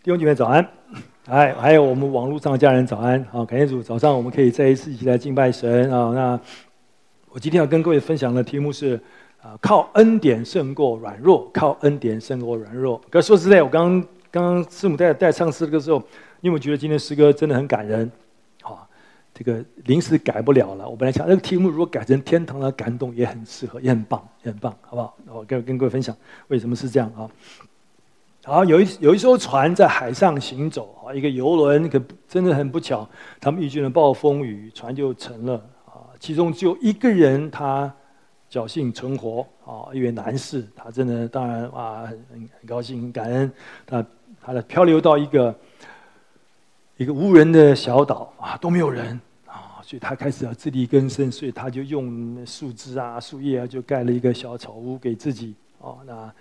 弟兄姐妹早安，哎，還有我們網絡上的家人早安，好，感謝主，早上我們可以再一次一起來敬拜神啊。那我今天要跟各位分享的題目是，啊，靠恩典勝過軟弱，靠恩典勝過軟弱。可說實在，我剛剛剛師母帶帶唱詩歌的時候，你有沒有覺得今天詩歌真的很感人？好，這個臨時改不了了。我本來想，這個題目如果改成天堂的感動也很適合，也很棒，也很棒，好不好？我跟跟各位分享，為什麼是這樣啊？然後有一有一艘船，在海上行走啊，一個遊輪，可真的很不巧，他們遇見了暴風雨，船就沉了啊。其中只有一個人，他僥倖存活啊，一、哦、位男士，他真的當然啊很很高興、很感恩。他他的漂流到一個一個無人的小島啊，都沒有人啊、哦，所以他開始要自力更生，所以他就用樹枝啊、樹葉啊，就蓋了一個小草屋給自己、哦、那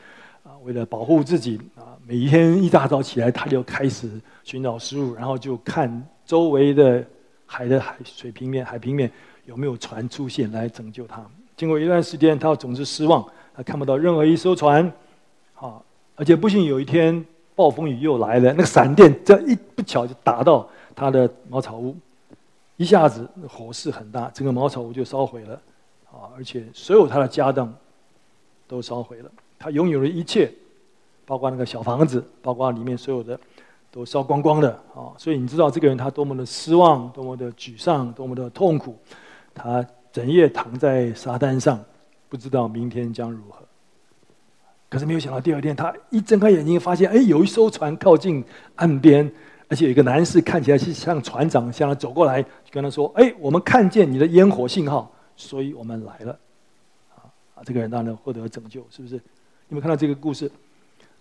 啊，為了保護自己啊，每一天一大早起來，他就開始尋找食物，然後就看周圍的海的海水平面、海平面有沒有船出現來拯救他。經過一段時間，他總是失望，他看不到任何一艘船。啊，而且不幸有一天暴風雨又來了，那個閃電這一不巧就打到他的茅草屋，一下子火勢很大，整個茅草屋就燒毀了。啊，而且所有他的家當都燒毀了。他擁有了一切，包括那個小房子，包括裡面所有的都燒光光的啊！所以你知道這個人他多麼的失望，多麼的沮喪，多麼的痛苦。他整夜躺在沙灘上，不知道明天將如何。可是沒有想到第二天，他一睜開眼睛，發現哎，有一艘船靠近岸邊，而且有一個男士看起來是像船長向他走過來，就跟他說：“哎、欸，我們看見你的煙火信號，所以我們來了。”啊，這個人當然獲得拯救，是不是？你們看到這個故事，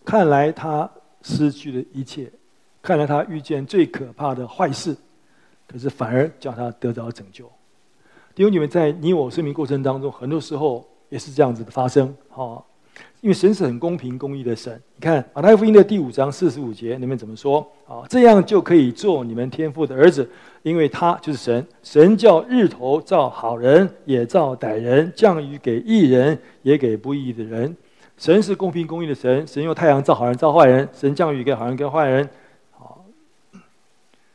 看來他失去了一切，看來他遇見最可怕的壞事，可是反而叫他得到拯救。因為你們在你我生命過程當中，很多時候也是這樣子的發生。哈、哦，因為神是很公平公義的神。你看《馬太福音》的第五章四十五節，裡面怎麼說啊、哦？這樣就可以做你們天父的兒子，因為他就是神。神叫日頭照好人也照歹人，降雨給義人也給不義的人。神是公平公義的神，神用太陽照好人照壞人，神降雨給好人給壞人，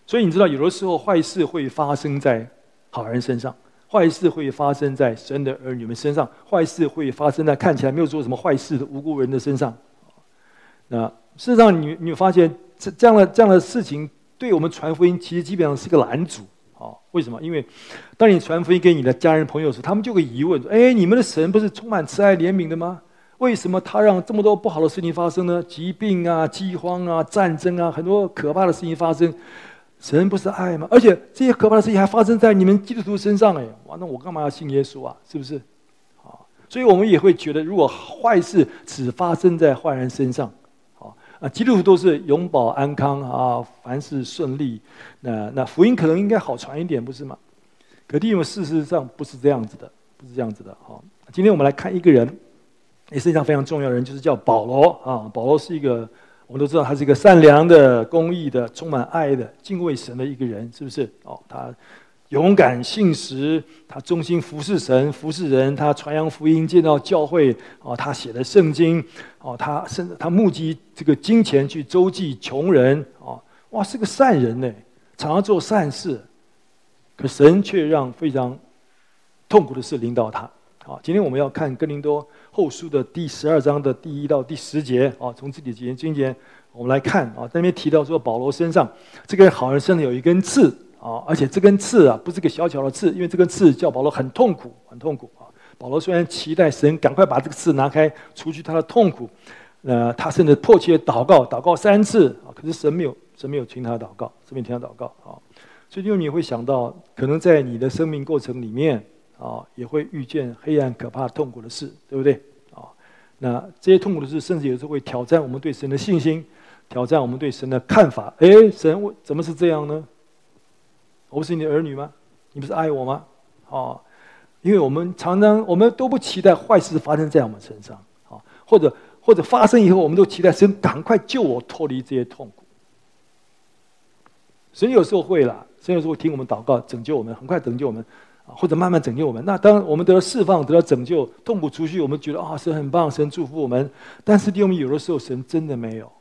所以你知道，有的時候壞事會發生在好人身上，壞事會發生在神的兒女們身上，壞事會發生在看起來沒有做什麼壞事的無辜人的身上。那事實上你，你你發現這樣的這樣的事情，對我們傳福音其實基本上是個攔阻，啊？為什麼？因為當你傳福音給你的家人朋友時，他們就會疑問：說，哎、欸，你們的神不是充滿慈愛憐憫的嗎？為什麼他讓這麼多不好的事情發生呢？疾病啊，饑荒啊，戰爭啊，很多可怕的事情發生。神不是愛嗎？而且這些可怕的事情還發生在你們基督徒身上哎！哇，那我幹嘛要信耶穌啊？是不是？啊，所以我們也會覺得，如果壞事只發生在壞人身上，好啊，基督徒都是永保安康啊，凡事順利。那那福音可能應該好傳一點，不是嗎？可弟兄，事實上不是這樣子的，不是這樣子的。好，今天我們來看一個人。也是非常非常重要的人，就是叫保羅啊。保羅是一個，我們都知道，他是一個善良的、公義的、充滿愛的、敬畏神的一個人，是不是？哦，他勇敢信實，他忠心服侍神、服侍人，他傳揚福音，建造教會啊、哦。他寫的聖經，哦，他甚至他募集這個金錢去周濟窮人啊、哦。哇，是個善人呢，常常做善事，可神卻讓非常痛苦的事臨到他。啊，今天我們要看哥林多後書的第十二章的第一到第十節啊，從這幾節、這一節我們來看啊，在那邊提到說保羅身上這個人好人身上有一根刺啊，而且這根刺啊不是個小小的刺，因為這根刺叫保羅很痛苦，很痛苦啊。保羅雖然期待神趕快把這個刺拿開，除去他的痛苦，呃，他甚至迫切禱告，禱告三次啊，可是神沒有，神沒有聽他的禱告，神沒聽他禱告啊。所以你會想到，可能在你的生命過程裡面。啊、哦，也會遇見黑暗、可怕、痛苦的事，對不對？啊、哦，那這些痛苦的事，甚至有時候會挑戰我們對神的信心，挑戰我們對神的看法。哎，神，為什麼是這樣呢？我不是你的兒女嗎？你不是愛我嗎？啊、哦，因為我們常常我們都不期待壞事發生在我們身上，啊、哦，或者或者發生以後，我們都期待神趕快救我脫離這些痛苦。神有時候會啦，神有時候會聽我們禱告，拯救我們，很快拯救我們。或者慢慢拯救我們。那當我們得到釋放、得到拯救、痛苦除去，我們覺得啊、哦，神很棒，神祝福我們。但是弟兄們，有的時候神真的沒有，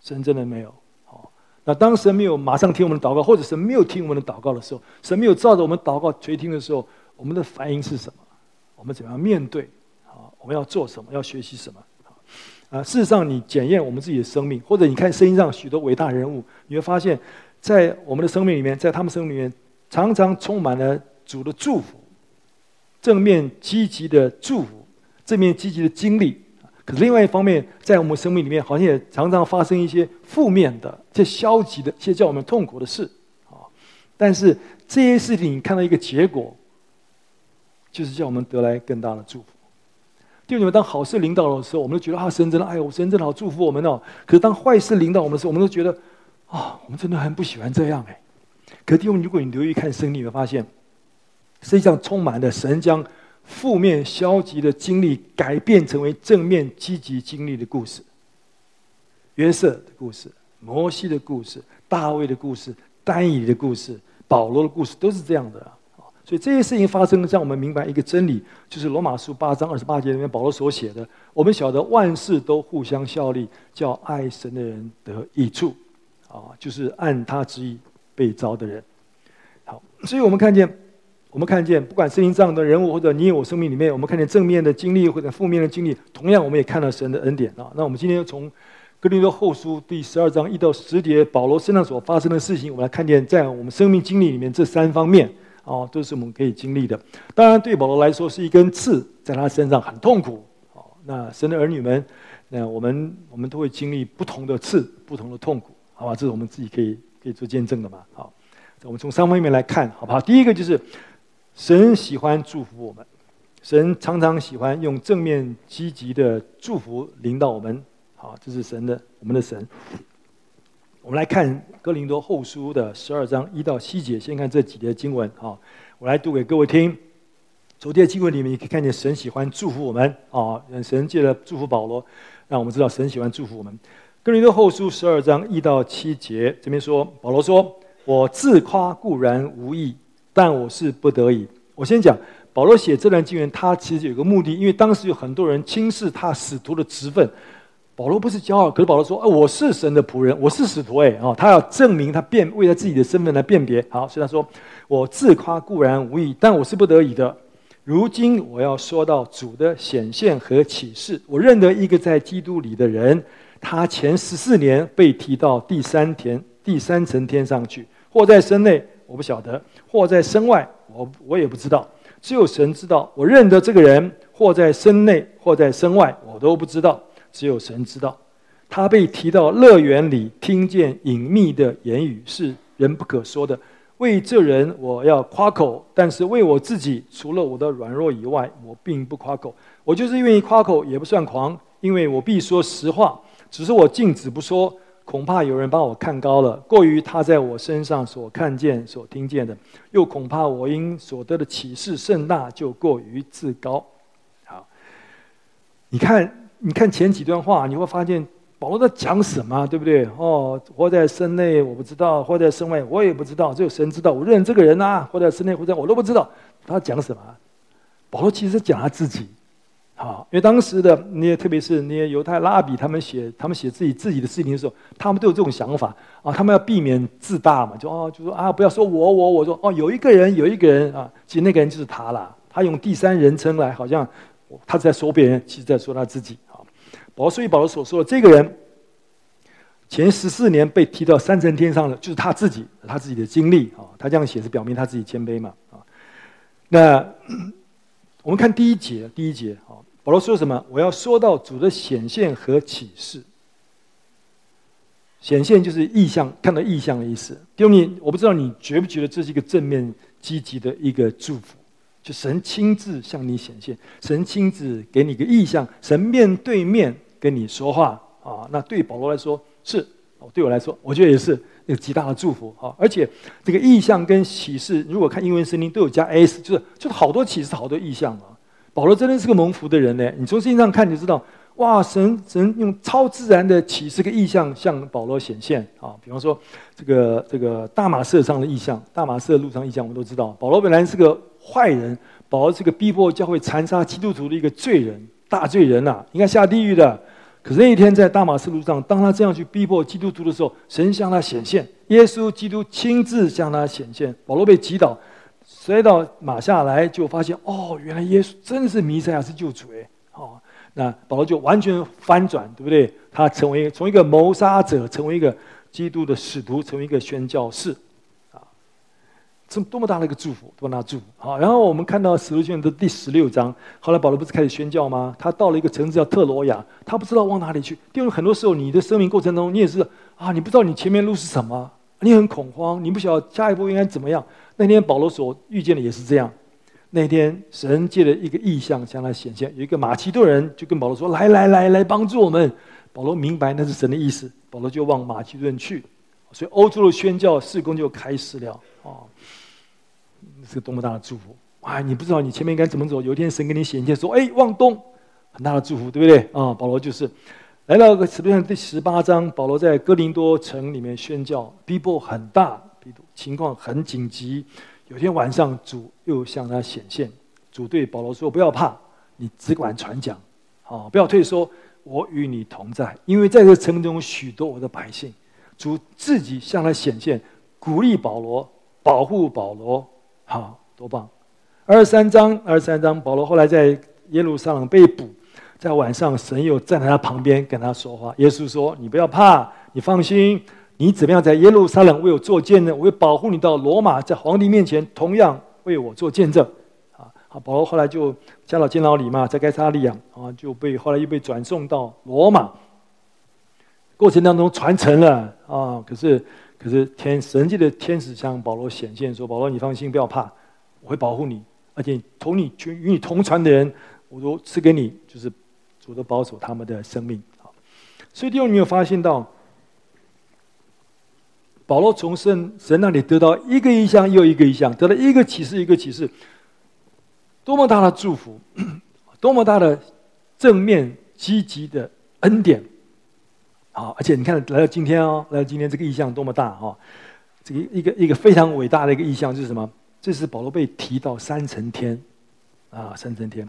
神真的沒有。好，那當神沒有馬上聽我們的禱告，或者神沒有聽我們的禱告的時候，神沒有照着我們禱告垂聽的時候，我們的反應是什麼？我們怎麼樣面對？我們要做什麼？要學習什麼？啊，事實上，你檢驗我們自己的生命，或者你看聖經上許多偉大人物，你會發現，在我們的生命裡面，在他們生命裡面，常常充滿了。主的祝福，正面積極的祝福，正面積極的經歷。可是另外一方面，在我們生命裡面，好像也常常發生一些負面的、這消極的、這叫我們痛苦的事。啊，但是這些事情，你看到一個結果，就是叫我們得來更大的祝福。弟兄們，當好事領導的時候，我們都覺得啊，神真的哎呦，們，神真的好祝福我們哦。可是當壞事領導我們的時候，我們都覺得啊，我們真的很不喜歡這樣哎。可是弟兄，如果你留意看生命，你會發現。實際上，充滿了神將負面消極的經歷改變成為正面積極經歷的故事。約瑟的故事，摩西的故事，大衛的故事，但以理的故事，保羅的故事，都是這樣的啊！所以這些事情發生了，讓我們明白一個真理，就是羅馬書八章二十八節裡面保羅所寫的：“我們曉得萬事都互相效力，叫愛神的人得益處。”啊，就是按他旨意被召的人。好，所以我們看見。我們看見，不管聖經上的人物，或者你我生命裡面，我們看見正面的經歷，或者負面的經歷，同樣我們也看到神的恩典啊。那我們今天從哥林多後書第十二章一到十節，保羅身上所發生的事情，我們來看見，在我們生命經歷裡面這三方面啊，都是我們可以經歷的。當然，對保羅來說是一根刺，在他身上很痛苦。那神的兒女們，那我們我們都會經歷不同的刺，不同的痛苦，好吧？這是我們自己可以可以做見證的嘛。好，我們從三方面來看，好不好？第一個就是。神喜歡祝福我們，神常常喜歡用正面積極的祝福臨到我們。好，這是神的，我們的神。我們來看哥林多後書的十二章一到七節，先看這幾節經文。好，我來讀給各位聽。昨天經文裡面也可以看見神喜歡祝福我們。啊，神借着祝福保羅，讓我們知道神喜歡祝福我們。哥林多後書十二章一到七節這邊說，保羅說：“我自誇固然無益。”但我是不得已。我先講，保羅寫這段經文，他其實有個目的，因為當時有很多人輕視他使徒的職分。保羅不是驕傲，可是保羅說：“啊、呃，我是神的僕人，我是使徒。”誒。哦，他要證明他辨，為了自己的身份來辨別。好，所以他說：“我自誇固然無益，但我是不得已的。如今我要說到主的顯現和啟示。我認得一個在基督裡的人，他前十四年被提到第三天、第三層天上去，或在身內。”我不曉得或在身外，我我也不知道，只有神知道。我認得這個人，或在身內或在身外，我都不知道，只有神知道。他被提到樂園裡，聽見隱秘的言語，是人不可說的。為這人，我要誇口；但是為我自己，除了我的軟弱以外，我並不誇口。我就是願意誇口，也不算狂，因為我必說實話。只是我禁止不說。恐怕有人把我看高了，過於他在我身上所看見、所聽見的；又恐怕我因所得的啟示甚大，就過於自高。好，你看，你看前幾段話，你會發現保羅在講什麼，對不對？哦，或在身內，我不知道；或在身外，我也不知道，只有神知道。我認這個人啊，或在身內，或者我都不知道。他講什麼？保羅其實講他自己。啊，因為當時的那些，你也特別是那些猶太拉比，他們寫他們寫自己自己的事情的時候，他們都有這種想法啊。他們要避免自大嘛，就哦，就說啊，不要說我我我說哦，有一個人有一個人啊，其實那個人就是他啦。他用第三人稱來，好像他是在說別人，其實在說他自己啊。保羅保羅所以保羅所說的這個人，前十四年被提到三層天上的，就是他自己他自己的經歷啊。他這樣寫是表明他自己謙卑嘛啊。那我們看第一節第一節啊。保羅說什麼？我要說到主的顯現和啟示。顯現就是意象，看到意象的意思。弟兄，我不知道你覺不覺得這是一個正面、積極的一個祝福，就神親自向你顯現，神親自給你個意象，神面對面跟你說話啊！那對保羅來說是，對我來說，我覺得也是有極大的祝福啊！而且這個意象跟啟示，如果看英文聖經，都有加 s，就是就是好多啟示，好多意象啊。保羅真的是個蒙福的人呢。你從聖經上看就知道，哇！神神用超自然的啟示和異象向保羅顯現啊。比方說，這個這個大馬士上的異象，大馬士路上的異象，我們都知道。保羅本來是個壞人，保羅是個逼迫教會、殘殺基督徒的一個罪人，大罪人吶、啊，應該下地獄的。可是那一天在大馬士路上，當他這樣去逼迫基督徒的時候，神向他顯現，耶穌基督親自向他顯現，保羅被擊倒。摔到馬下來，就發現哦，原來耶穌真的是彌賽亞，是救主哎！哦，那保羅就完全翻轉，對不對？他成為從一個謀殺者，成為一個基督的使徒，成為一個宣教士，啊，這多麼大的一個祝福，多麼大祝福！好、啊，然後我們看到使徒行傳的第十六章，後來保羅不是開始宣教嗎？他到了一個城市叫特羅亞，他不知道往哪裡去。因為很多時候，你的生命過程當中，你也是啊，你不知道你前面路是什麼，你很恐慌，你不曉得下一步應該怎麼樣。那天保羅所遇見的也是這樣，那天神借了一個意象向他顯現，有一個馬其頓人就跟保羅說：“來來來來，幫助我們。”保羅明白那是神的意思，保羅就往馬其頓去，所以歐洲的宣教事工就開始了啊，哦、是多麼大的祝福啊！你不知道你前面應該怎麼走，有一天神給你顯現說：“哎，往東，很大的祝福，對不對？”啊、哦，保羅就是來到使第十八章，保羅在哥林多城裡面宣教，l e 很大。情況很緊急，有天晚上主又向他顯現，主對保羅說：“不要怕，你只管傳講，好，不要退縮，我與你同在。”因為在這城中許多我的百姓。主自己向他顯現，鼓勵保羅，保護保羅，好，多棒。二十三章，二十三章，保羅後來在耶路撒冷被捕，在晚上，神又站在他旁邊跟他說話。耶穌說：“你不要怕，你放心。”你怎麼樣在耶路撒冷為我作見證？我會保護你到羅馬，在皇帝面前同樣為我做見證。啊，好，保羅後來就加了監牢裡嘛，在該撒利亞啊，就被後來又被轉送到羅馬。過程當中傳承了啊，可是可是天神界的天使向保羅顯現說：“保羅，你放心，不要怕，我會保護你，而且同你與你同船的人，我都賜給你就是，我都保守他們的生命。”啊，所以弟兄，你有沒有發現到？保羅從聖神，神那裡得到一個意象又一個意象，得到了一個啟示一個啟示，多麼大的祝福，多麼大的正面積極的恩典！好，而且你看，來到今天哦，來到今天這個意象多麼大哈、哦！這個一個一個非常偉大的一個意象就是什麼？這是保羅被提到三層天啊，三層天！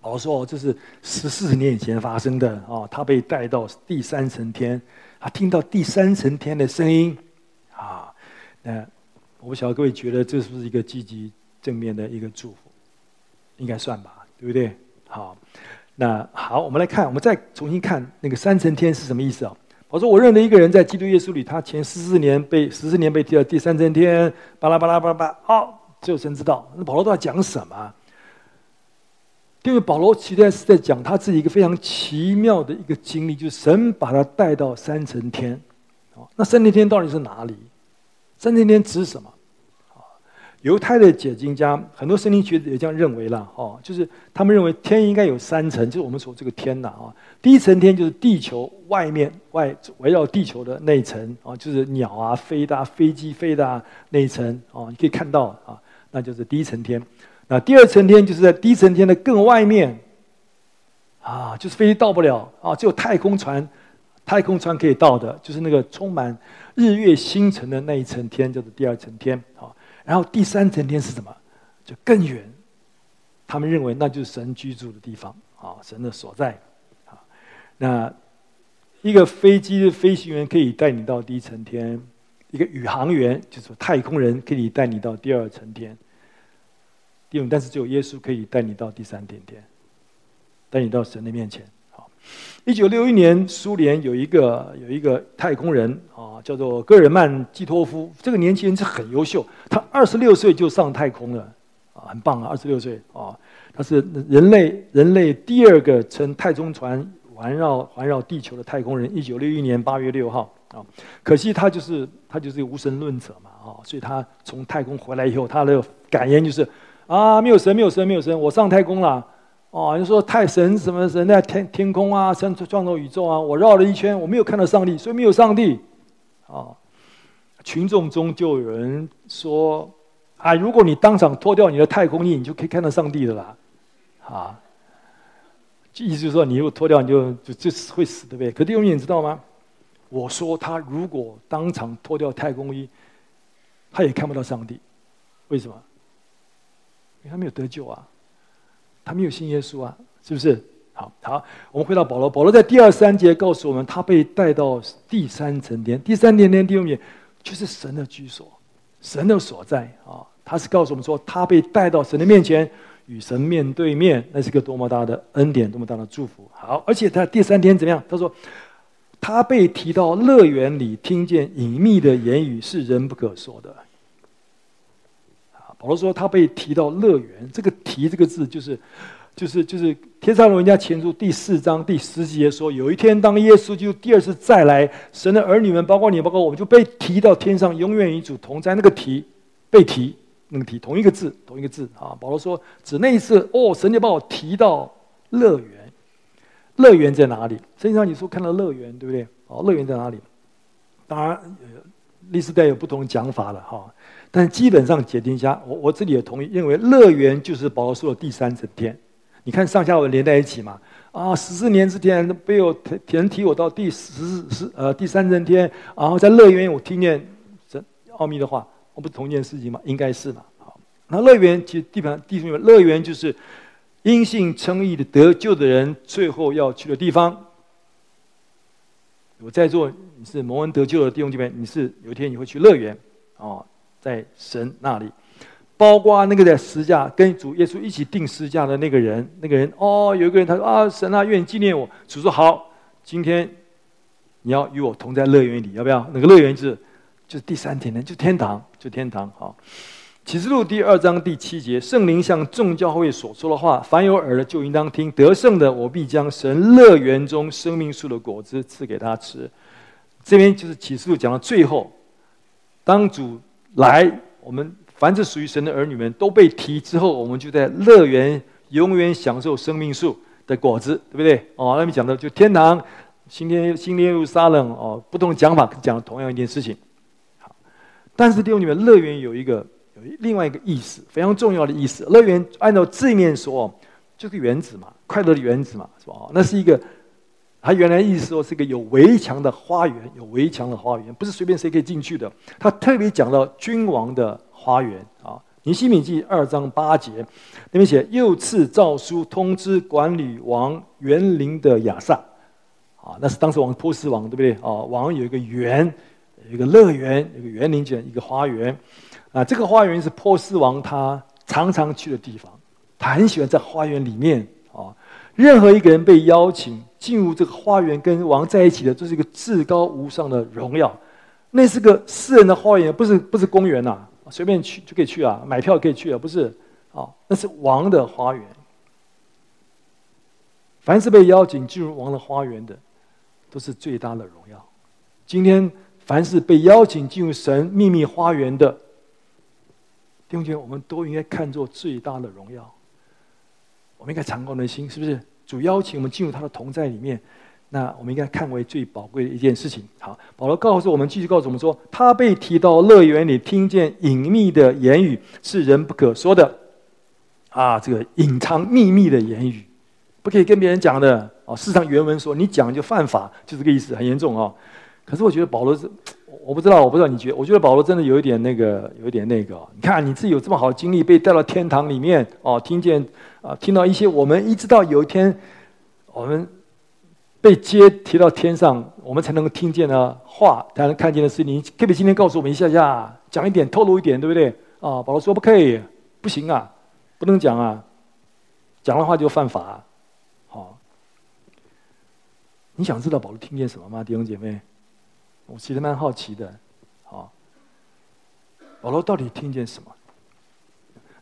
保羅說、哦：“這是十四年以前發生的啊、哦，他被帶到第三層天。”啊，聽到第三層天的聲音，啊，那我不曉得各位覺得這是不是一個積極正面的一個祝福，應該算吧，對不對？好，那好，我們來看，我們再重新看那個三層天是什麼意思哦、啊。我說我認得一個人，在基督耶穌裡，他前十四年被十四年被提到第三層天，巴拉巴拉巴拉巴，巴、啊、哦，只有神知道那保羅都在講什麼？因為保羅其實是在講他自己一個非常奇妙的一個經歷，就是神把他帶到三層天，啊，那三層天到底是哪裡？三層天指什麼？啊，猶太的解經家，很多聖經學者也這樣認為了，哦，就是他們認為天應該有三層，就是我們所說這個天吶，啊，第一層天就是地球外面外圍繞地球的那一層，啊，就是鳥啊飛的，飛機飛的那一層，啊，你可以看到啊，那就是第一層天。那第二層天就是在第一層天的更外面，啊，就是飛機到不了啊，只有太空船，太空船可以到的，就是那個充滿日月星辰的那一層天，叫做第二層天。啊，然後第三層天是什麼？就更遠，他們認為那就是神居住的地方啊，神的所在。啊，那一個飛機的飛行員可以帶你到第一層天，一個宇航員就是太空人可以帶你到第二層天。但是只有耶穌可以帶你到第三天天，帶你到神的面前。好，一九六一年，蘇聯有一個有一個太空人啊，叫做戈爾曼基托夫。這個年輕人是很優秀，他二十六歲就上太空了啊，很棒啊，二十六歲啊。他是人類人類第二個乘太空船環繞環繞地球的太空人。一九六一年八月六號啊，可惜他就是他就是無神論者嘛啊，所以他從太空回來以後，他的感言就是。啊，沒有神，沒有神，沒有神！我上太空了，哦，你說太神什麼神？在天天空啊，創創造宇宙啊，我繞了一圈，我沒有看到上帝，所以沒有上帝，哦，群眾中就有人說，啊，如果你當場脫掉你的太空衣，你就可以看到上帝的啦。啊！意思就是說，你如果脫掉，你就就就死會死，對不對？可是弟兄們，你知道嗎？我說他如果當場脫掉太空衣，他也看不到上帝，為什麼？因為他沒有得救啊，他沒有信耶穌啊，是不是？好，好，我們回到保羅。保羅在第二三節告訴我們，他被帶到第三層天，第三層天第五點就是神的居所，神的所在啊、哦。他是告訴我們說，他被帶到神的面前，與神面對面，那是個多麼大的恩典，多麼大的祝福。好，而且他第三天怎麼樣？他說，他被提到樂園裡，聽見隱秘的言語，是人不可說的。保羅說：“他被提到樂園，這個‘提’這個字就是，就是，就是《天上人家前書第四章第十節說，有一天當耶穌就第二次再來，神的兒女們，包括你，包括我們，就被提到天上，永遠與主同在。那個‘提’被提，能、那個、提，同一個字，同一個字啊。”保羅說：“指那一次，哦，神就把我提到樂園。樂園在哪裡？聖經上你說看到樂園，對不對？哦，樂園在哪裡？當然，歷史帶有不同講法了，哈。”但基本上界定一下，我我自己也同意認為，樂園就是保羅說的第三層天。你看上下文連在一起嘛？啊、哦，十四年之前被我天天提我到第十四呃第三層天，然後在樂園我聽見這奧秘的話，我、哦、不是同一件事情嘛？應該是嘛？好，那樂園其實地板地上樂園就是因信稱義的得救的人最後要去的地方。我在座你是蒙恩得救的弟兄姐妹，你是有一天你會去樂園啊？哦在神那裡，包括那個在十字架跟主耶穌一起定十字架的那個人，那個人哦，有一個人他說啊，神啊，願意紀念我。主說好，今天你要與我同在樂園裡，要不要？那個樂園就是就是第三天的，就天堂，就天堂。好，啟示錄第二章第七節，聖靈向眾教會所說的話，凡有耳的就應當聽。得勝的，我必將神樂園中生命樹的果子賜給他吃。這邊就是啟示錄講到最後，當主。來，我們凡是屬於神的兒女們都被提之後，我們就在樂園永遠享受生命樹的果子，對不對？哦，那邊講的就天堂，新天新地新耶路撒冷哦，不同講法講同樣一件事情。好，但是弟兄姊妹樂園有一個有另外一個意思，非常重要的意思。樂園按照字面說，就是園子嘛，快樂的園子嘛，是吧？那是一個。他原來意思說是一個有圍牆的花園，有圍牆的花園不是隨便誰可以進去的。他特別講到君王的花園啊，《尼西米記》二章八節那邊寫，又賜詔書通知管理王園林的亞薩啊，那是當時王波斯王，對不對啊？王有一個園，有一個樂園，有一個園林間，一個花園啊。這個花園是波斯王他常常去的地方，他很喜歡在花園裡面啊。任何一個人被邀請。進入這個花園跟王在一起的，這是一個至高無上的榮耀。那是個私人的花園，不是不是公園吶、啊，隨便去就可以去啊，買票可以去啊，不是？啊、哦，那是王的花園。凡是被邀請進入王的花園的，都是最大的榮耀。今天，凡是被邀請進入神秘密花園的弟兄姐妹，我們都應該看作最大的榮耀。我們應該敞廣的心，是不是？主邀請我們進入他的同在裡面，那我們應該看為最寶貴的一件事情。好，保羅告訴我們，繼續告訴我們說，他被提到樂園裡，聽見隱秘的言語，是人不可說的。啊，這個隱藏秘密的言語，不可以跟別人講的。啊、哦，事實上原文說，你講就犯法，就是、這個意思，很嚴重啊、哦。可是我覺得保羅是，我不知道，我不知道你覺得，我覺得保羅真的有一點那個，有一點那個、哦。你看你自己有這麼好的經歷，被帶到天堂裡面，哦，聽見。啊，聽到一些我們一直到有一天，我們被接提到天上，我們才能夠聽見的話，才能看見的事。你可不可以今天告訴我們一下下，講一點，透露一點，對不對？啊，保羅說不可以，不行啊，不能講啊，講了話就犯法。好，你想知道保羅聽見什麼嗎，弟兄姐妹？我其實蠻好奇的。啊。保羅到底聽見什麼？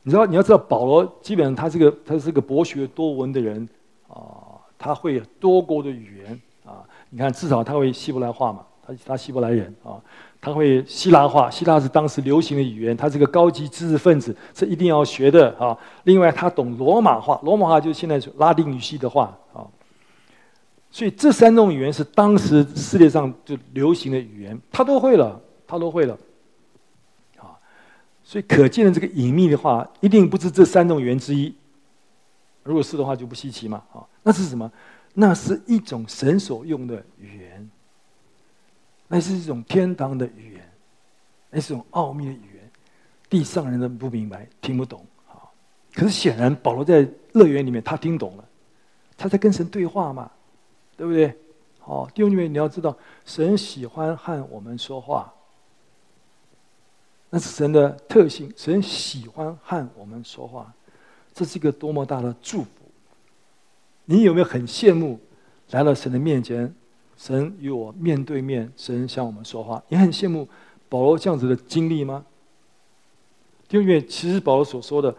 你知道，你要知道，保羅基本上他是個他是個博學多聞的人啊、呃，他會有多國的語言啊。你看，至少他會希伯來話嘛，他他希伯來人啊，他會希臘話，希臘是當時流行的語言，他是個高級知識分子，是一定要學的啊。另外，他懂羅馬話，羅馬話就是現在拉丁語系的話啊。所以這三種語言是當時世界上就流行的語言，他都會了，他都會了。所以，可見的這個隱秘的話，一定不是這三種語言之一。如果是的話，就不稀奇嘛。好、哦，那是什麼？那是一種神所用的語言，那是一種天堂的語言，那是一種奧秘的語言，地上人都不明白，聽不懂。哦、可是顯然，保羅在樂園裡面，他聽懂了，他在跟神對話嘛，對不對？好、哦，弟兄們，你要知道，神喜歡和我們說話。那是神的特性，神喜歡和我們說話，這是一個多麼大的祝福！你有沒有很羨慕來到神的面前，神與我面對面，神向我們說話？你很羨慕保羅這樣子的經歷嗎？因為其實保羅所說的，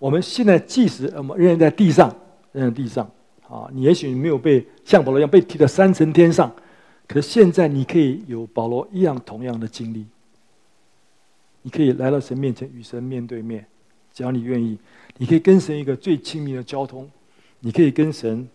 我們現在即使我們仍然在地上，仍然在地上，啊、哦，你也許你沒有被像保羅一樣被提到三層天上，可是現在你可以有保羅一樣同樣的經歷。你可以來到神面前，與神面對面。只要你願意，你可以跟神一個最親密的交通。你可以跟神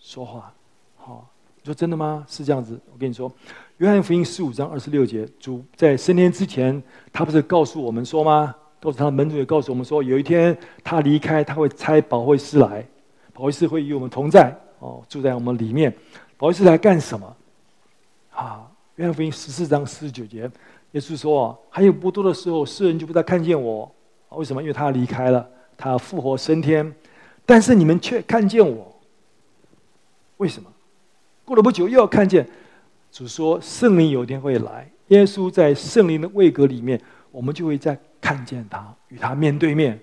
說話。好、哦，你說真的嗎？是這樣子。我跟你說，《約翰福音》十五章二十六節，主在升天之前，他不是告訴我們說嗎？告訴他的門徒也告訴我們說，有一天他離開，他會差保惠師來，保惠師會與我們同在，哦，住在我們裡面。保惠師來幹什麼？啊，《約翰福音》十四章四十九節。耶穌說：“還有不多的時候，世人就不再看見我，為什麼？因為他離開了，他復活升天，但是你們卻看見我。為什麼？過了不久又要看見。主說：聖靈有一天會來。耶穌在聖靈的位格裡面，我們就會再看見他，與他面對面。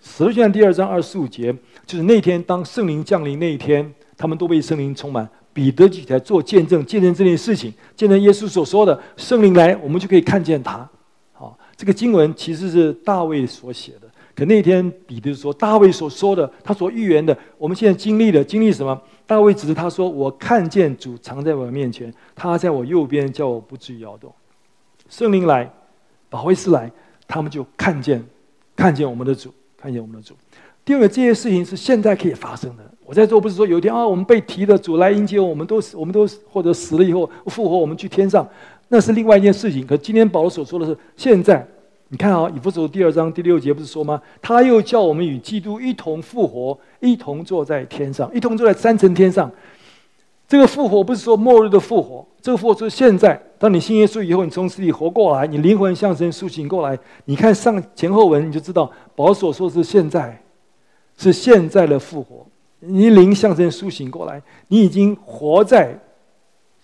使徒行傳第二章二十五節，就是那天當聖靈降臨那一天，他們都被聖靈充滿。”彼得起來做見證，見證這件事情，見證耶穌所說的聖靈來，我們就可以看見他。好、哦，這個經文其實是大衛所寫的。可那天彼得說，大衛所說的，他所預言的，我們現在經歷了，經歷什麼？大衛指著他說：“我看見主藏在我面前，他在我右邊，叫我不至於搖動。”聖靈來，保惠師來，他們就看見，看見我們的主，看見我們的主。第二個，這些事情是現在可以發生的。我在做不是說有一天啊，我們被提的，主來迎接我們都，都我們都或者死了以後復活，我們去天上，那是另外一件事情。可今天保羅所說的是現在，你看啊、哦，以弗所第二章第六節不是說嗎？他又叫我們與基督一同復活，一同坐在天上，一同坐在三層天上。這個復活不是說末日的復活，這個復活是現在。當你信耶穌以後，你從死裡活過來，你靈魂向神甦醒過來。你看上前後文，你就知道保羅所說是現在，是現在的復活。你靈象徵甦醒過來，你已經活在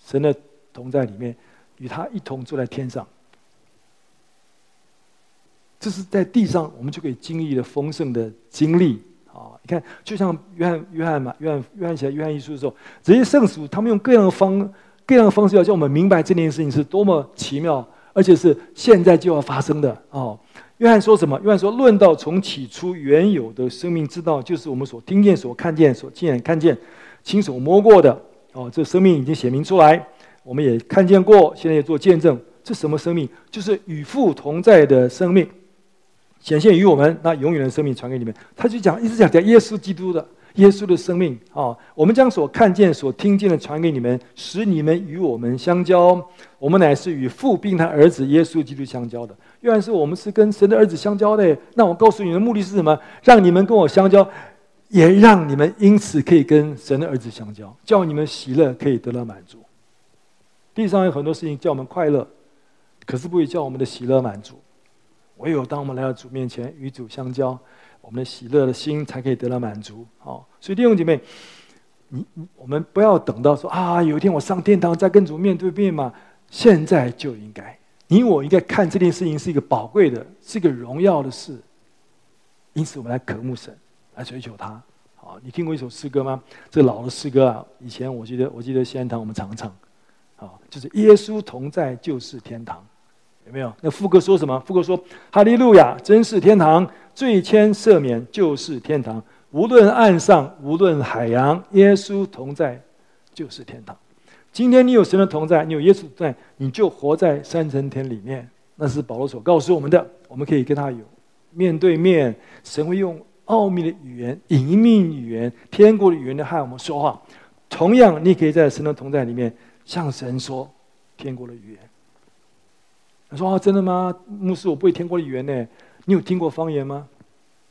神的同在裡面，與他一同坐在天上。這是在地上，我們就可以經歷了豐盛的經歷。啊、哦，你看，就像約翰，約翰嘛，約翰，約翰寫約翰一書的時候，這些聖徒，他們用各樣的方各樣的方式，要叫我們明白這件事情是多麼奇妙，而且是現在就要發生的。啊、哦約翰說什麼？約翰說：“論到從起初原有的生命之道，就是我們所聽見、所看見、所親眼看見、親手摸過的。哦，這生命已經顯明出來，我們也看見過，現在也做見證。這什麼生命？就是與父同在的生命，顯現於我們。那永遠的生命傳給你們。”他就講，一直講講耶穌基督的。耶穌的生命啊！我們將所看見、所聽見的傳給你們，使你們與我們相交。我們乃是與父並他兒子耶穌基督相交的。原來是，我們是跟神的兒子相交的。那我告訴你們的目的是什麼？讓你們跟我相交，也讓你們因此可以跟神的兒子相交，叫你們喜樂可以得到滿足。地上有很多事情叫我們快樂，可是不會叫我們的喜樂滿足。唯有當我們來到主面前與主相交。我們的喜樂的心才可以得到滿足。好，所以弟兄姐妹，你，你我們不要等到說啊，有一天我上天堂再跟主面對面嘛，現在就應該你我應該看這件事情是一個寶貴的、是一個榮耀的事，因此我們來渴慕神，來追求他。好，你聽過一首詩歌嗎？這老的詩歌啊，以前我記得，我記得錫安堂我們常唱，好，就是耶穌同在就是天堂，有沒有？那副歌說什麼？副歌說哈利路亞，真是天堂。罪愆赦免就是天堂，無論岸上，無論海洋，耶穌同在，就是天堂。今天你有神的同在，你有耶穌同在，你就活在三層天裡面。那是保羅所告訴我們的。我們可以跟他有面對面，神會用奧秘的語言、隱秘語言、天國的語言來和我們說話。同樣，你可以在神的同在裡面向神說天國的語言。他說啊，真的嗎，牧師？我不會天國的語言呢。你有聽過方言嗎？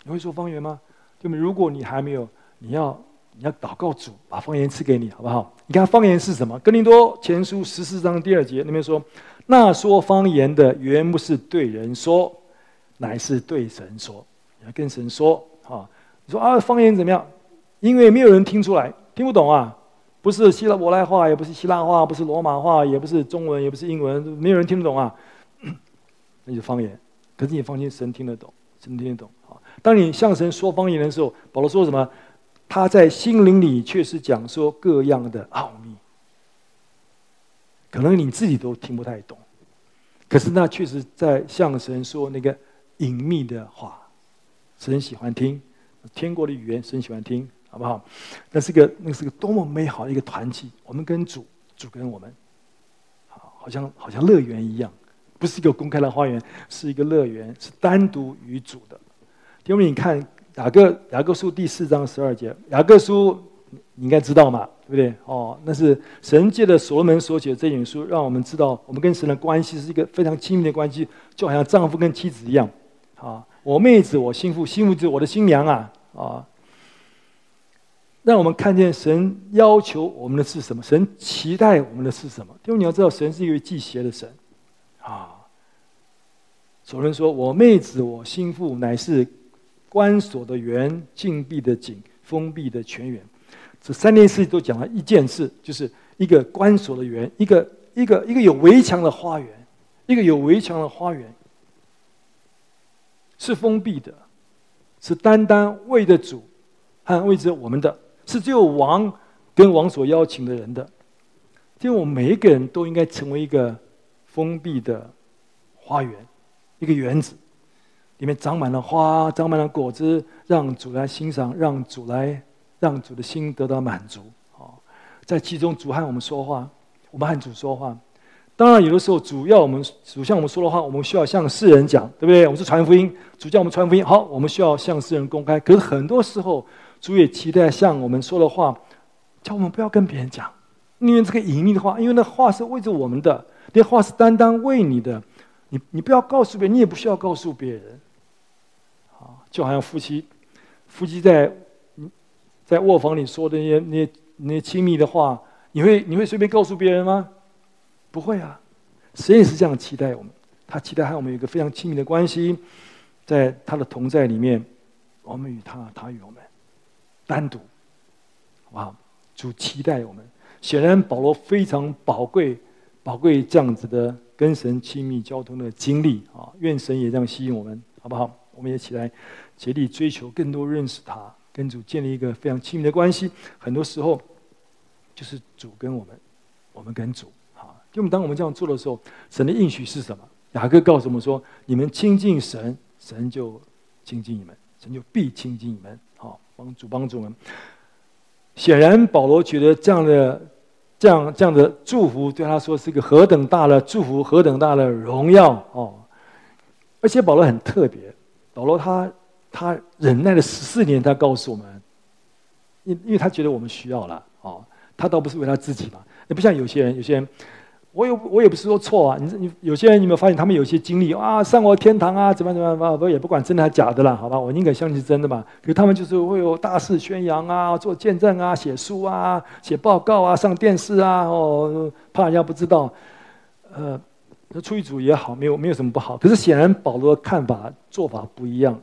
你會說方言嗎？那麼，如果你還沒有，你要你要禱告主，把方言賜給你，好不好？你看方言是什麼？哥林多前書十四章第二節裡面說：“那說方言的，原不是對人說，乃是對神說，你要跟神說。”啊，你說啊，方言怎麼樣？因為沒有人聽出來，聽不懂啊。不是希伯來話，也不是希臘話，不是羅馬話，也不是中文，也不是英文，沒有人聽得懂啊。那就方言。可是你放心，神聽得懂，神聽得懂。好，當你向神說方言的時候，保羅說什麼？他在心靈裡卻是講說各樣的奧秘，可能你自己都聽不太懂。可是那確實在向神說那個隱秘的話，神喜歡聽天國的語言，神喜歡聽，好不好？那是個，那是個多麼美好的一個團契，我們跟主，主跟我們，好，好像好像樂園一樣。不是一個公開的花園，是一個樂園，是單獨與主的。因為你看雅歌，雅歌書第四章十二節，雅歌書你應該知道嘛，對不對？哦，那是神藉著所羅門所寫的這卷書，讓我們知道我們跟神的關係是一個非常親密的關係，就好像丈夫跟妻子一樣。啊、哦，我妹子我，我新婦，新婦就是我的新娘啊。啊、哦！讓我們看見神要求我們的是什麼？神期待我們的是什麼？因為你要知道，神是一位忌邪的神。啊！所以說：“我妹子，我新婦，乃是關鎖的園，禁閉的井，封閉的泉源。這三件事都講了一件事，就是一個關鎖的園，一個一個一個有圍牆的花園，一個有圍牆的花園是封閉的，是單單為的主，和為着我們的是只有王跟王所邀請的人的。就我們每一個人都應該成為一個。”封閉的花園，一個園子，裡面長滿了花，長滿了果子，讓主來欣賞，讓主來，讓主的心得到滿足。好，在其中，主和我們說話，我們和主說話。當然，有的時候，主要我們主向我們說的話，我們需要向世人講，對不對？我們是傳福音，主叫我們傳福音，好，我們需要向世人公開。可是，很多時候，主也期待向我們說的話，叫我們不要跟別人講，寧願這個隱秘的話，因為那話是為着我們的。這話是單單為你的，你你不要告訴別人，你也不需要告訴別人。好，就好像夫妻，夫妻在，在臥房裡說的那些那些那些親密的話，你會你會隨便告訴別人嗎？不會啊，神也是這樣期待我們，他期待和我們有一個非常親密的關係，在他的同在裡面，我們與他，他與我們，單獨，哇，主期待我們。顯然保羅非常寶貴。寶貴這樣子的跟神親密交通的經歷啊，願神也這樣吸引我們，好不好？我們也起來竭力追求更多認識他，跟主建立一個非常親密的關係。很多時候就是主跟我們，我們跟主。啊。就我們當我們這樣做的時候，神的應許是什麼？雅各告訴我們說：你們親近神，神就親近你們，神就必親近你們。好，幫主幫助我們。顯然，保羅覺得這樣的。這樣這樣的祝福對他說是一個何等大的祝福，何等大的榮耀哦！而且保羅很特別，保羅他他忍耐了十四年，他告訴我們，因因為他覺得我們需要了哦，他倒不是為他自己嘛，那不像有些人，有些人。我也我也不是說錯啊，你你有些人你有沒有發現他們有些經歷啊，上過天堂啊，怎麼怎麼樣？我也不管真的還假的了，好吧？我寧可相信是真的吧。可是他們就是會有大肆宣揚啊，做見證啊，寫書啊，寫報告啊，上電視啊，哦，怕人家不知道。呃，出一組也好，沒有沒有什麼不好。可是顯然保羅的看法做法不一樣。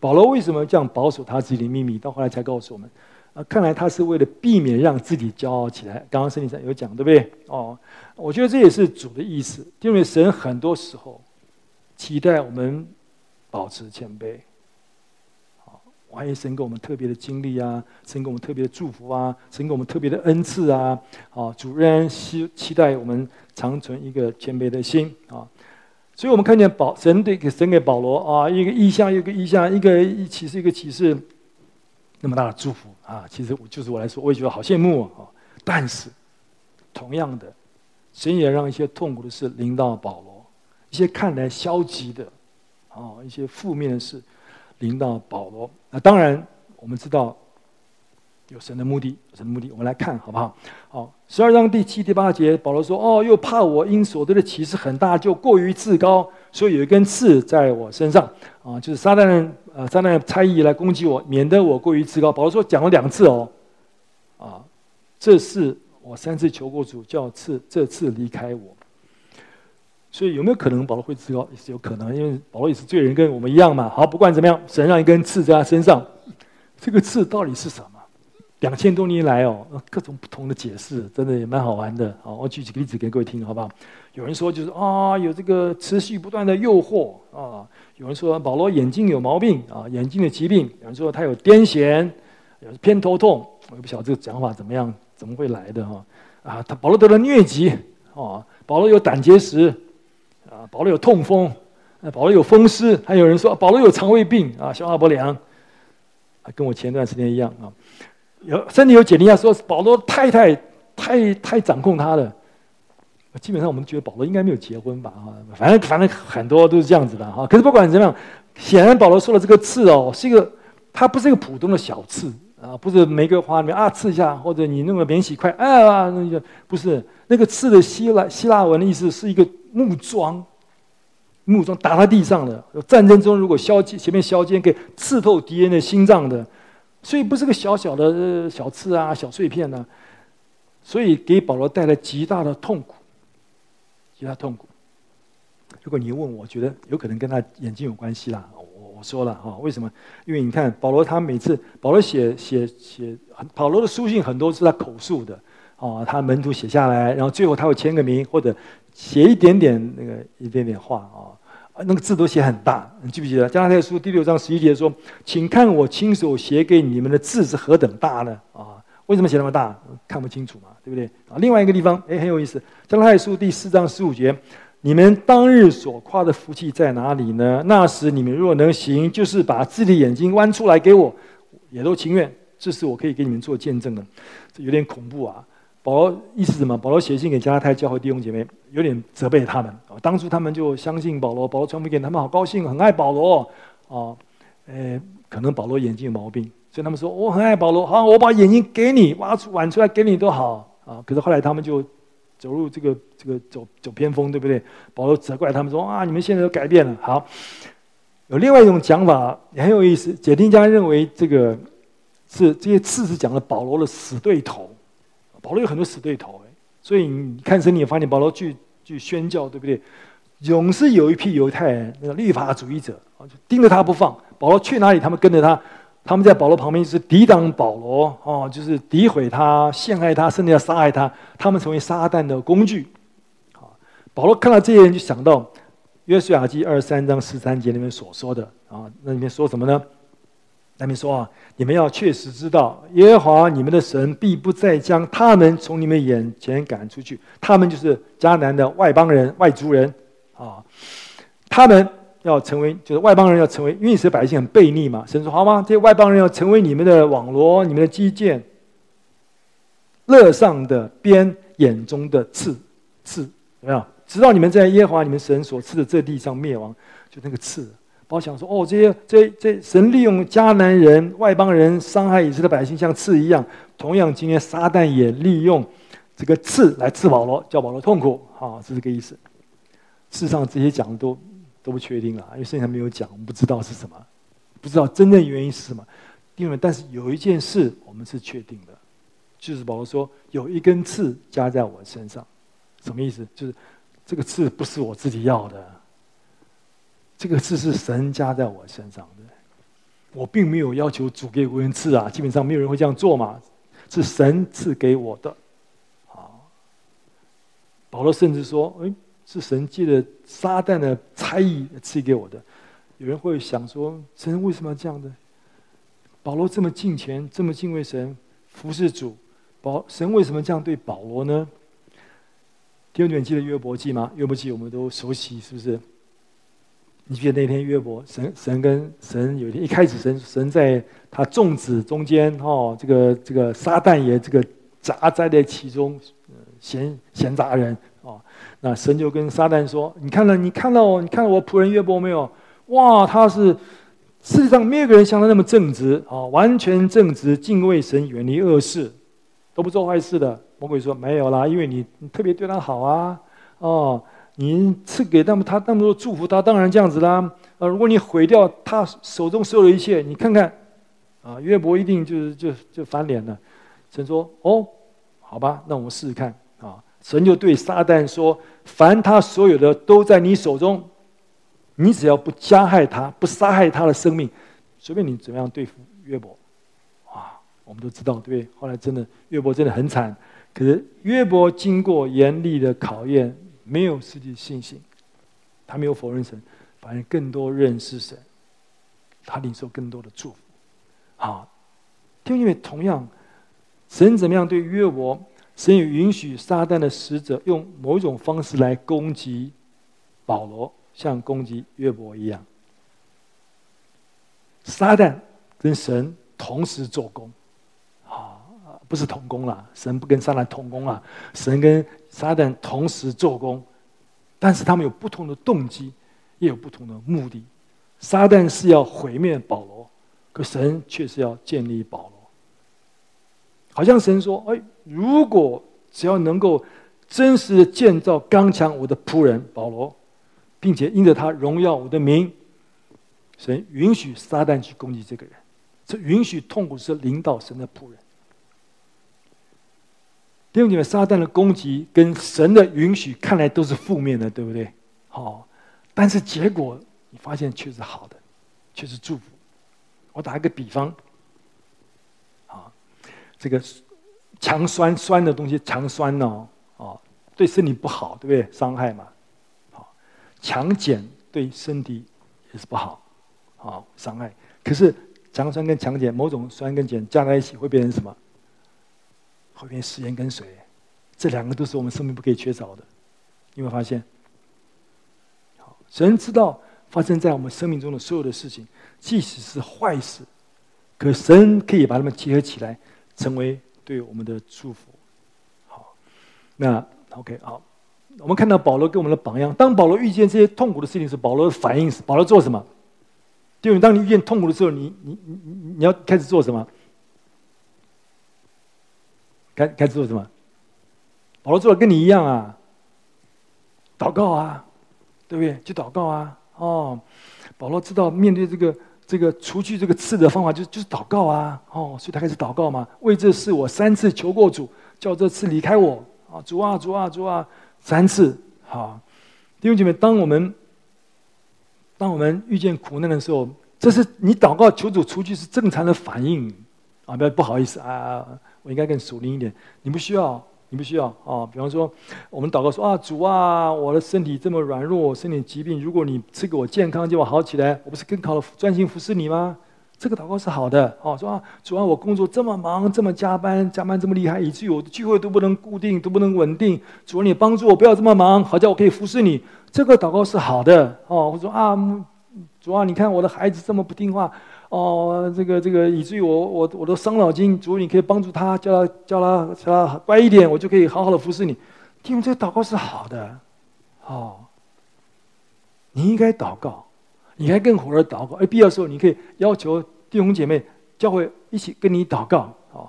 保羅為什麼這樣保守他自己的秘密？到後來才告訴我們。啊、看來他是為了避免讓自己驕傲起來。剛剛聖經上有講，對不對？哦，我覺得這也是主的意思，因為神很多時候期待我們保持謙卑。好、哦，萬一神給我們特別的經歷啊，神給我們特別的祝福啊，神給我們特別的恩賜啊，啊、哦，主人希期待我們長存一個謙卑的心啊、哦。所以我們看見保神給神給保羅啊、哦，一個異象，一個異象，一個啟示，一個啟示。那麼大的祝福啊！其實我就是我來說，我也覺得好羨慕啊、哦。但是，同樣的，神也讓一些痛苦的事臨到保羅，一些看來消極的啊、哦，一些負面的事臨到保羅。那當然，我們知道有神的目的。有神的目的，我們來看，好不好？好、哦，十二章第七、第八節，保羅說：“哦，又怕我因所得的啟示很大，就過於自高，所以有一根刺在我身上啊、哦，就是撒但。”呃，張那猜疑來攻擊我，免得我過於自高。保羅說講了兩次哦，啊，這是我三次求過主，叫次刺這次離開我。所以有沒有可能保羅會自高？也是有可能，因為保羅也是罪人，跟我們一樣嘛。好，不管怎麼樣，神讓一根刺在他身上，這個刺到底是什麼？兩千多年來哦，各種不同的解釋，真的也蠻好玩的。好，我舉幾個例子給各位聽，好不好？有人說就是啊，有這個持續不斷的誘惑啊。有人說保羅眼睛有毛病啊，眼睛的疾病。有人說他有癲癇，有偏頭痛。我也不曉得這個講法怎麼樣，怎麼會來的哈？啊，他、啊、保羅得了瘧疾哦、啊，保羅有膽結石啊，保羅有痛風、啊，保羅有風濕。還有人說保羅有腸胃病啊，消化不良啊，跟我前段時間一樣啊。有甚至有解經家說保羅太太太太掌控他的，基本上我們覺得保羅應該沒有結婚吧啊，反正反正很多都是這樣子的哈、啊。可是不管怎麼樣，顯然保羅說了這個刺哦，是一個他不是一個普通的小刺啊，不是玫瑰花裡面啊刺一下，或者你弄個免洗筷啊、啊、啊那個不是那個刺的希臘希臘文的意思是一個木樁，木樁打在地上的戰爭中，如果削尖前面削尖，可以刺透敵人的心臟的。所以不是個小小的、小刺啊、小碎片呢、啊，所以給保羅帶來極大的痛苦，極大痛苦。如果你問我，我覺得有可能跟他眼睛有關係啦。我我說了哈、哦，為什麼？因為你看保羅他每次保羅寫寫寫、寫，保羅的書信很多是他口述的啊、哦，他門徒寫下來，然後最後他會簽個名或者寫一點點那個一點點話啊。哦啊，那個字都寫很大，你記不記得《加拉太書》第六章十一節說：“請看我親手寫給你們的字是何等大呢？”啊，為什麼寫那麼大？看不清楚嘛，對不對？啊，另外一個地方，誒，很有意思，《加拉太書》第四章十五節：“你們當日所誇的福氣在哪裡呢？那時你們若能行，就是把自己的眼睛剜出來給我，也都情願。這是我可以給你們做見證的，這有點恐怖啊。”保羅意思是什麼？保羅寫信給加拉太教會弟兄姐妹，有點責備他們啊。當初他們就相信保羅，保羅傳福音給他們，好高興，很愛保羅啊、哦。誒，可能保羅眼睛有毛病，所以他們說我、哦、很愛保羅，好，我把眼睛給你，挖出、剜出來給你都好啊。可是後來他們就走入這個這個走走偏鋒，對不對？保羅責怪他們說啊，你們現在都改變了。好，有另外一種講法也很有意思，解經家認為這個是這些刺是講了保羅的死對頭。保羅有很多死對頭，所以你看聖經，發現保羅去去宣教，對不對？總是有一批猶太人，那個律法主義者啊，就盯着他不放。保羅去哪裡，他們跟着他，他們在保羅旁邊就是抵擋保羅啊，就是詆毀他、陷害他，甚至要殺害他。他們成為撒旦的工具，啊。保羅看到這些人，就想到約書亞記二十三章十三節裡面所說的啊，那裡面說什麼呢？他們說啊，你們要確實知道，耶和華你們的神必不再將他們從你們眼前趕出去。他們就是迦南的外邦人、外族人，啊，他們要成為就是外邦人要成為，因為百姓很悖逆嘛。神說，好嗎？這些外邦人要成為你們的網羅，你們的機檻。肋上的鞭，眼中的刺，刺怎麼樣？直到你們在耶和華你們神所賜的這地上滅亡，就那個刺。我想說，哦，這些、這些、這神利用迦南人、外邦人傷害以色列百姓像刺一樣，同樣今天撒旦也利用這個刺來刺保羅，叫保羅痛苦。好、哦，這是這個意思。事實上，這些講的都都不確定了，因為聖經沒有講，我們不知道是什麼，不知道真正原因是什麼。因為，但是有一件事我們是確定的，就是保羅說有一根刺加在我身上，什麼意思？就是這個刺不是我自己要的。這個字是神加在我身上的，我並沒有要求主給我恩賜啊，基本上沒有人會這樣做嘛，是神賜給我的。啊，保羅甚至說：“哎，是神借了撒旦的差役賜給我的。”有人會想說：“神為什麼要這樣的？”保羅這麼敬虔，這麼敬畏神，服侍主，保神為什麼這樣對保羅呢？第二你記得約伯記嗎？約伯記我們都熟悉，是不是？你記得那天約伯，神神跟神有一天，一開始神神在他眾子中間哦，這個這個撒旦也這個雜在在其中，閒閒雜人啊、哦。那神就跟撒旦說：“你看到你看到我你看到我僕人約伯沒有？哇，他是世界上沒有一個人像他那麼正直啊、哦，完全正直，敬畏神，遠離惡事，都不做壞事的。”魔鬼說：“沒有啦，因為你，你特別對他好啊。”哦。你賜給那麼他那麼多祝福他，他當然這樣子啦。啊，如果你毀掉他手中所有的一切，你看看，啊，約伯一定就是就就翻臉了。神說：“哦，好吧，那我們試試看啊。”神就對撒旦說：“凡他所有的都在你手中，你只要不加害他，不殺害他的生命，隨便你怎麼樣對付約伯。”啊，我們都知道，對不對？後來真的約伯真的很慘，可是約伯經過嚴厲的考驗，沒有失去信心，他沒有否認神，反而更多認識神，他領受更多的祝福。好，因為同樣，神怎麼樣對約伯，神也允許撒旦的使者用某種方式來攻擊保羅，像攻擊約伯一樣，撒旦跟神同時做工。不是同工啦，啊，神不跟撒旦同工啦，啊，神跟撒旦同時做工，但是他們有不同的動機，也有不同的目的。撒旦是要毀滅保羅，可神卻是要建立保羅。好像神說：“哎，如果只要能夠真實的建造剛強我的僕人保羅，並且因着他榮耀我的名，神允許撒旦去攻擊這個人，這允許痛苦是領導神的僕人。”因為你們撒旦的攻擊跟神的允許，看來都是負面的，對不對？好、哦，但是結果你發現卻是好的，卻是祝福。我打一個比方，哦、這個強酸酸的東西，強酸呢、哦，哦，對身體不好，對不對？傷害嘛。哦、強鹼對身體也是不好，啊、哦，傷害。可是強酸跟強鹼，某種酸跟鹼加在一起會變成什麼？會變食鹽跟水，這兩個都是我們生命不可以缺少的。有沒有發現？好，神知道發生在我們生命中的所有的事情，即使是壞事，可神可以把它們結合起來，成為對我們的祝福。好，那 OK，好，我們看到保羅跟我們的榜樣。當保羅遇見這些痛苦的事情時，保羅的反應是：保羅做什麼？弟兄，當你遇見痛苦的時候，你你你你要開始做什麼？開該始做什麼？保羅做的跟你一樣啊，禱告啊，對不對？就禱告啊，哦，保羅知道面對這個這個除去這個刺的方法，就是，就就是禱告啊，哦，所以他開始禱告嘛，為這事我三次求過主，叫這刺離開我，哦，啊，主啊，主啊，主啊，三次，好，弟兄姐妹，當我們當我們遇見苦難的時候，這是你禱告求主除去是正常的反應，啊，不要不好意思啊。我應該更熟練一點。你不需要，你不需要啊、哦。比方說，我們禱告說啊，主啊，我的身體這麼軟弱，我身體疾病，如果你賜給我健康，叫我好起來，我不是更考專心服侍你嗎？這個禱告是好的啊、哦，說啊，主啊，我工作這麼忙，這麼加班，加班這麼厲害，以至於我的聚會都不能固定，都不能穩定。主啊，你幫助我，不要這麼忙，好叫我可以服侍你。這個禱告是好的啊、哦。我說啊，主啊，你看我的孩子這麼不聽話。哦，這個這個，以至於我我我的傷腦筋。主，你可以幫助他，叫他叫他叫他乖一點，我就可以好好的服侍你。弟兄，這個禱告是好的，哦，你應該禱告，你還更火熱禱告。哎，必要的時候你可以要求弟兄姐妹教會一起跟你禱告，哦。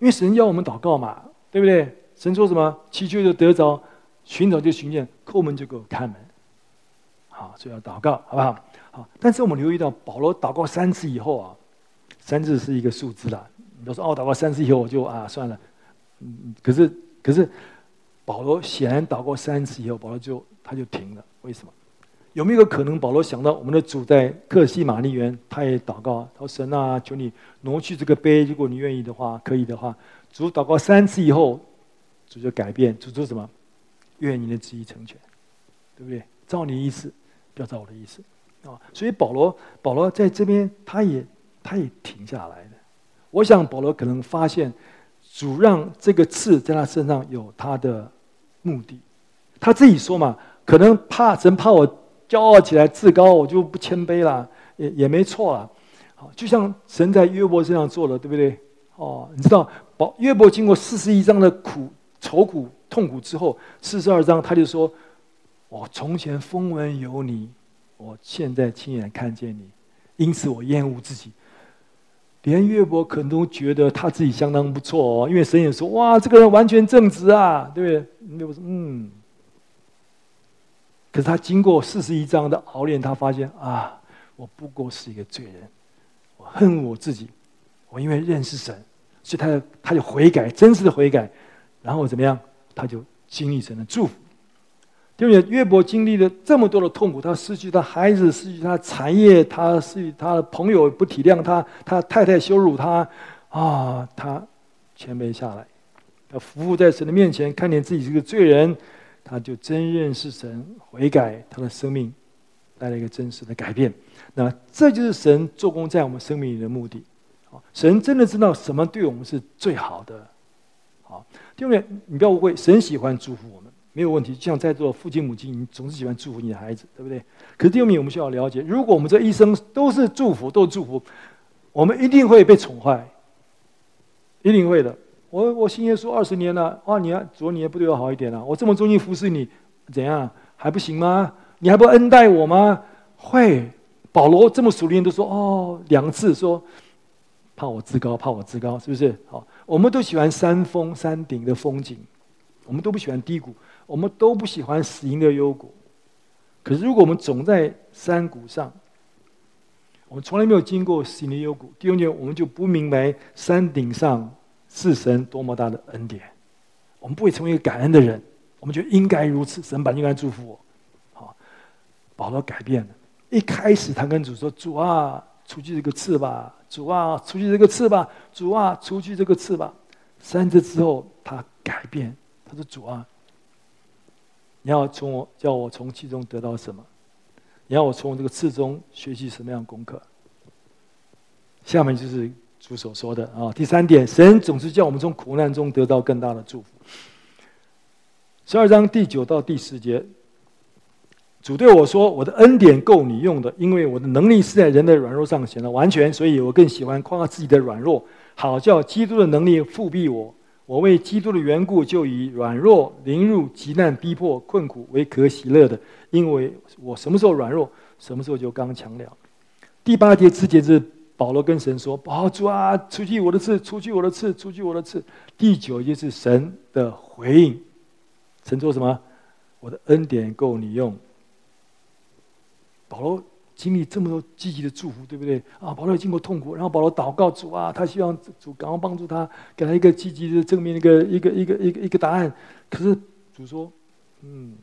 因為神要我們禱告嘛，對不對？神說什麼？祈求就得着，尋找就尋見，叩門就給我開門。好，哦，所以要禱告，好不好？好,但是我們留意到，保羅禱告三次以後啊，三次是一個數字啦。你都說哦、啊，禱告三次以後我就啊算了，嗯，可是可是保羅顯然禱告三次以後，保羅就他就停了。為什麼？有沒有可能保羅想到我們的主在客西馬尼園，他也禱告、啊，他說神啊，求你挪去這個杯，如果你願意的話，可以的話。主禱、禱告三次以後，主就改變，主做什麼？願你的旨意成全，對不對？照你意思，不要照我的意思。啊，所以保羅，保羅在這邊，他也，他也停下來了。我想保羅可能發現，主讓這個刺在他身上有他的目的。他自己說嘛，可能怕神怕我驕傲起來，自高，我就不謙卑了，也也沒錯啦。好，就像神在約伯身上做的，對不對？哦，你知道，保約伯經過四十一章的苦愁苦痛苦之後，四十二章他就說：“我、哦、從前風聞有你。”我現在親眼看見你，因此我厭惡自己。連約伯可能都覺得他自己相當不錯哦，因為神也說：“哇，這個人完全正直啊，對不對？”約伯說：“嗯。”可是他經過四十一章的熬煉，他發現啊，我不過是一個罪人，我恨我自己。我因為認識神，所以他他就悔改，真實的悔改，然後怎麼樣？他就經歷神的祝福。因為約伯經歷了這麼多的痛苦，他失去他孩子，失去他產業，他失去他的朋友，不體諒他，他太太羞辱他，啊，他謙卑下來，他俯伏在神的面前，看見自己是個罪人，他就真認識神，悔改，他的生命帶來一個真實的改變。那這就是神做工在我們生命裡的目的。神真的知道什麼對我們是最好的。好，弟兄你不要誤會，神喜歡祝福我們。沒有問題，就像在座的父親母親，你總是喜歡祝福你的孩子，對不對？可是第二名我們需要了解，如果我們這一生都是祝福，都是祝福，我們一定會被寵壞，一定會的。我我信耶穌二十年了，啊，哇你啊昨你也不對我好一點了，啊，我這麼忠心服侍你，怎樣還不行嗎？你還不恩待我嗎？會，保羅這麼熟練都說哦兩次說，怕我自高，怕我自高，是不是？好，我們都喜歡山峰山頂的風景。我們都不喜歡低谷，我們都不喜歡死蔭的幽谷。可是，如果我們總在山谷上，我們從來沒有經過死蔭的幽谷，第二年我們就不明白山頂上是神多麼大的恩典。我們不會成為一個感恩的人。我們就應該如此，神本應該祝福我。好，保羅改變了。一開始他跟主說：“主啊，除去這個刺吧！”主啊，除去這個刺吧！主啊，除去這個刺吧！三次之後，他改變。他說：“主啊，你要從我叫我從其中得到什麼？你要我從這個刺中學習什麼樣的功課？”下面就是主所說的啊、哦。第三點，神總是叫我們從苦難中得到更大的祝福。十二章第九到第十節，主對我說：“我的恩典夠你用的，因為我的能力是在人的軟弱上顯得完全，所以我更喜歡誇自己的軟弱，好叫基督的能力覆庇我。”我為基督的緣故，就以軟弱、凌辱、急難、逼迫、困苦為可喜樂的，因為我什麼時候軟弱，什麼時候就剛強了。第八節之前是保羅跟神說：“保主啊，除去我的刺，除去我的刺，除去我的刺。”第九節是神的回應，神說什麼：“我的恩典夠你用。”保羅。經歷這麼多積極的祝福，對不對啊？保羅也經過痛苦，然後保羅禱告，主啊，他希望主趕快幫助他，給他一個積極的正面的一個一個一個一個一個答案。可是主說，嗯，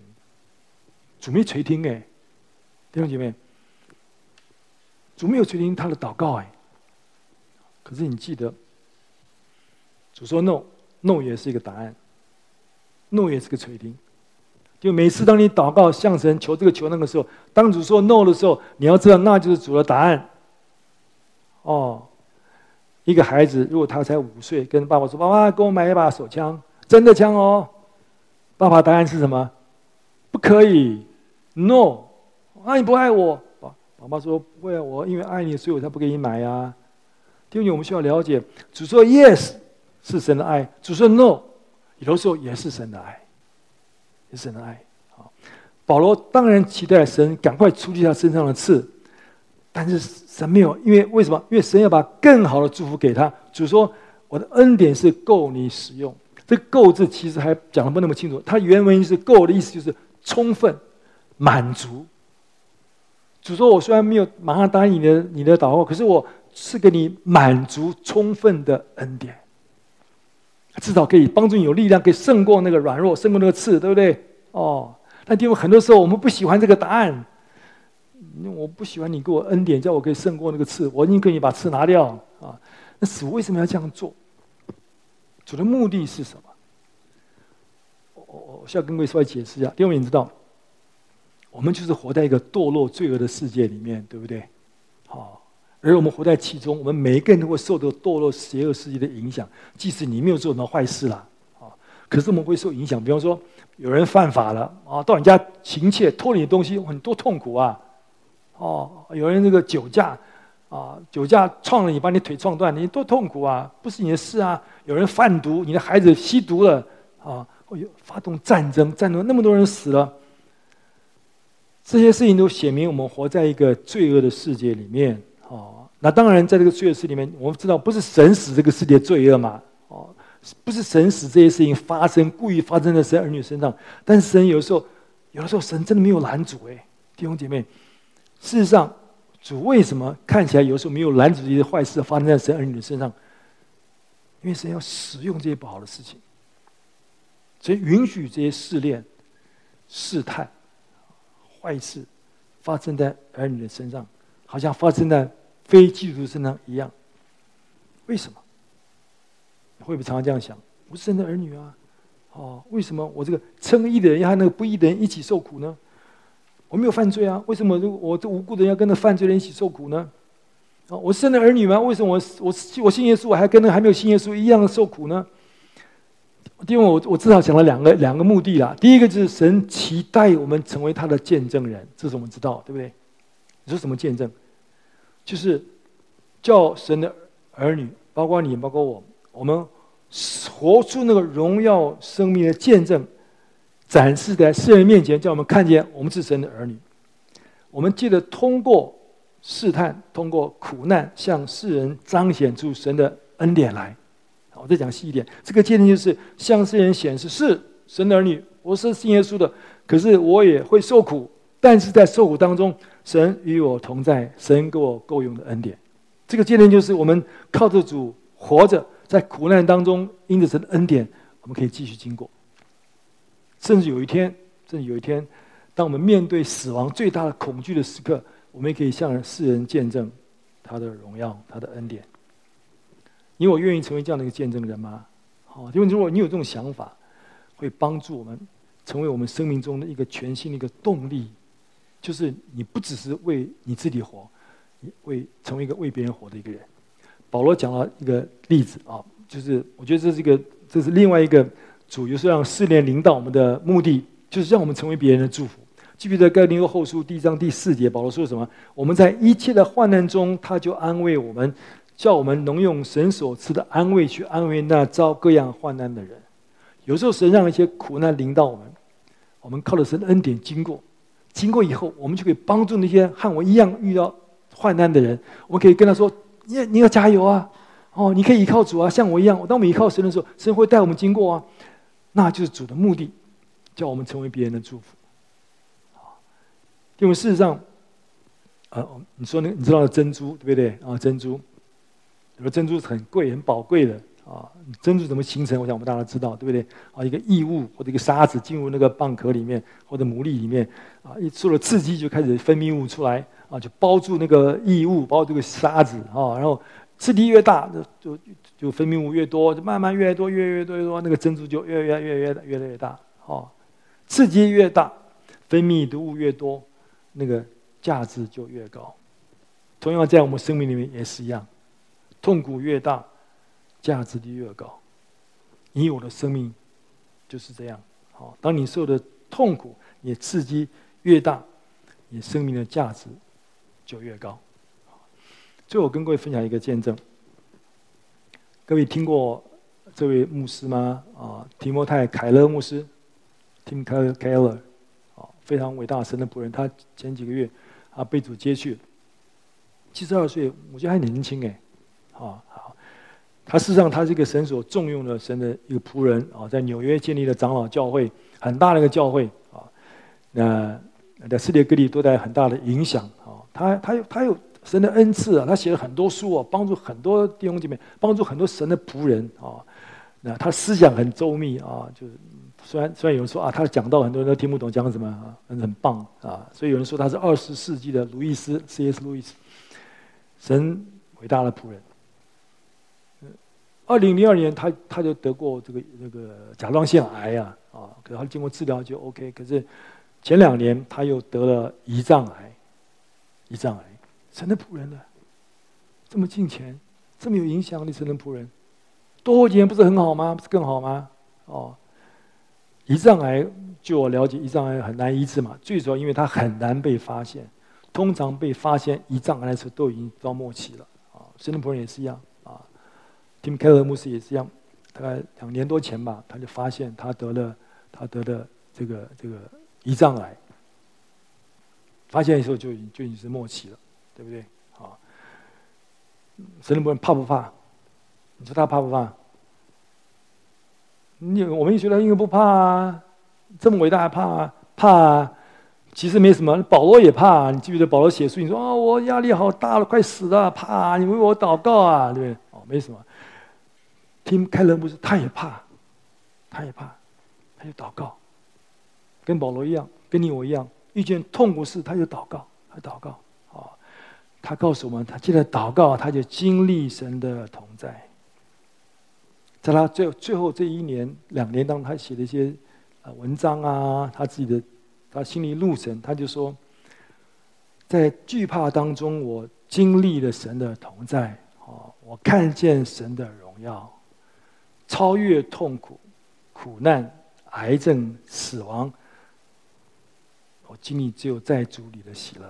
主沒垂聽哎，弟兄姐妹，主沒有垂聽他的禱告哎。可是你記得，主說 no，no no 也是一個答案，no 也是個垂聽。就每次當你禱告向神求這個求那個的時候，當主說 “no” 的時候，你要知道那就是主的答案。哦，一個孩子如果他才五歲，跟爸爸說：“爸爸，給我買一把手槍，真的槍哦。”爸爸答案是什麼？不可以，no。那、啊、你不愛我？哦、爸，爸說：“不會、啊、我因為愛你，所以我才不給你買呀、啊。”因為我們需要了解，主說 “yes” 是神的愛，主說 “no” 有時候也是神的愛。是神的愛，好。保羅當然期待神趕快除去他身上的刺，但是神沒有，因為為什麼？因為神要把更好的祝福給他。主說：“我的恩典是夠你使用。”這個“夠”字其實還講的不那麼清楚。它原文意思是“夠”的意思就是充分、滿足。主說：“我雖然沒有馬上答應你的你的禱告，可是我是給你滿足、充分的恩典。”至少可以幫助你有力量，可以勝過那個軟弱，勝過那個刺，對不對？哦，但因為很多時候我們不喜歡這個答案，我不喜歡你給我恩典，叫我可以勝過那個刺，我寧可你把刺拿掉啊。那主為什麼要這樣做？主的目的是什麼？我我我需要跟各位稍微解釋一下，因為你知道，我們就是活在一個墮落罪惡的世界裡面，對不對？好、哦。而我們活在其中，我們每一個人都會受到墮落邪惡世界的影響。即使你沒有做什麼壞事了，啊，可是我們會受影響。比方說，有人犯法了，啊，到你家行竊，偷你的東西，很、哦、多痛苦啊，哦，有人那個酒駕，啊、哦，酒駕撞了你，把你腿撞斷，你多痛苦啊，不是你的事啊。有人販毒，你的孩子吸毒了，啊、哦，或、哦、發動戰爭，戰爭那麼多人死了，這些事情都顯明我們活在一個罪惡的世界裡面。那當然，在這個罪惡史裡面，我們知道不是神使這個世界罪惡嘛，哦，不是神使這些事情發生，故意發生在神兒女身上。但是神有時候，有的時候神真的沒有攔阻哎，弟兄姐妹，事實上，主為什麼看起來有時候沒有攔阻這些壞事發生在神兒女的身上？因為神要使用這些不好的事情，所以允許這些試煉、試探、壞事發生在兒女的身上，好像發生在。非基督徒身上一樣，為什麼？你會不會常常這樣想？我是神的兒女啊，哦，為什麼我這個稱義的人要和那個不義的人一起受苦呢？我沒有犯罪啊，為什麼我這無辜的人要跟着犯罪人一起受苦呢？哦，我是神的兒女嗎？為什麼我我我信耶穌，我還跟那個還沒有信耶穌一樣的受苦呢？因為我我至少想了兩個兩個目的啦。第一個就是神期待我們成為他的見證人，這是我們知道，對不對？你說什麼見證？就是叫神的兒女，包括你，包括我，我們活出那個榮耀生命的見證，展示在世人面前，叫我們看見我們是神的兒女。我們記得通過試探，通過苦難，向世人彰顯出神的恩典來。好，我再講細一點，這個見證就是向世人顯示：是神的兒女，我是信耶穌的，可是我也會受苦，但是在受苦當中。神與我同在，神給我夠用的恩典。這個見證就是我們靠着主活着，在苦難當中，因着神的恩典，我們可以繼續經過。甚至有一天，甚至有一天，當我們面對死亡最大的恐懼的時刻，我們也可以向世人見證他的榮耀、他的恩典。你我願意成為這樣的一個見證人嗎？好、哦，因為如果你有這種想法，會幫助我們成為我們生命中的一個全新的一個動力。就是你不只是為你自己活，你為成為一個為別人活的一個人。保羅講了一個例子啊，就是我覺得這是一個，這是另外一個主有時候就是讓試煉臨到我們的目的，就是讓我們成為別人的祝福。記不得《哥林多後書》第一章第四節，保羅說什麼？我們在一切的患難中，他就安慰我們，叫我們能用神所賜的安慰去安慰那遭各樣患難的人。有時候神讓一些苦難臨到我們，我們靠著神的恩典經過。經過以後，我們就可以幫助那些和我一樣遇到患難的人。我們可以跟他說：“你你要加油啊，哦，你可以依靠主啊，像我一樣。當我們依靠神的時候，神會帶我們經過啊，那就是主的目的，叫我們成為別人的祝福。”因為事實上，啊、哦，你說那你知道的珍珠對不對啊、哦？珍珠，有的珍珠是很貴、很寶貴的。啊，珍珠怎麼形成？我想我們大家知道，對不對？啊，一個異物或者一個沙子進入那個蚌殼裡面或者牡蠣裡面，啊，一受了刺激就開始分泌物出來，啊，就包住那個異物，包住這個沙子，啊，然後刺激越大，就就就分泌物越多，就慢慢越多，越越多越多，那個珍珠就越越越越越來越大，啊，刺激越大，分泌的物越多，那個價值就越高。同樣在我們生命裡面也是一樣，痛苦越大，價值就越高，你有的生命就是這樣。好，當你受的痛苦，你刺激越大，你生命的價值就越高。最後，我跟各位分享一個見證。各位聽過這位牧師嗎？啊，提摩太·凱勒牧師，Tim Keller，非常偉大的神的僕人，他前幾個月啊被主接去了，七十二歲，我覺得還年輕哎，啊。他事實上，他是一個神所重用的神的一個僕人啊、哦，在紐約建立了長老教會，很大的一個教會啊、哦。那在世界各地都帶來很大的影響啊、哦。他，他有，他有神的恩賜啊，他寫了很多書啊、哦，幫助很多弟兄姐妹，幫助很多神的僕人啊、哦。那他思想很周密啊，就是雖然雖然有人說啊，他講到很多人都聽不懂，講什麼啊，很很棒啊，所以有人說他是二十世紀的路易斯，C.S. 路易斯，神偉大的僕人。二零零二年他，他他就得過這個這個甲狀腺癌啊，啊、哦，可是他經過治療就 OK。可是前兩年他又得了胰臟癌，胰臟癌，神的僕人了、啊。這麼近前，這麼有影響力，神的僕人，多活幾年不是很好嗎？不是更好嗎？哦，胰臟癌，據我了解，胰臟癌很難醫治嘛，最主要因為它很難被發現，通常被發現胰臟癌的時候都已經到末期了。啊、哦，神的僕人也是一樣。提姆凱勒牧師也是一樣，大概兩年多前吧，他就發現他得了他得了這個這個胰臟癌，發現的時候就已經就已經是末期了，對不對？啊、哦。神人問，怕不怕？你說他怕不怕？你我們一直覺得應該不怕啊，這麼偉大還怕啊？怕啊？其實沒什麼，保羅也怕、啊。你記不記得保羅寫書，你說啊、哦，我壓力好大了，快死了，怕啊！你為我禱告啊，對不對？哦，沒什麼。聽凱倫博士，他也怕，他也怕，他就禱告，跟保羅一樣，跟你我一樣，遇見痛苦事他就禱告，他禱告，啊、哦，他告訴我們，他藉著禱告他就經歷神的同在。在他最最後這一年、兩年當中，他寫了一些文章啊，他自己的他心靈路程，他就說在懼怕當中，我經歷了神的同在，啊、哦，我看見神的榮耀。超越痛苦、苦難、癌症、死亡，我經歷只有在主裡的喜樂。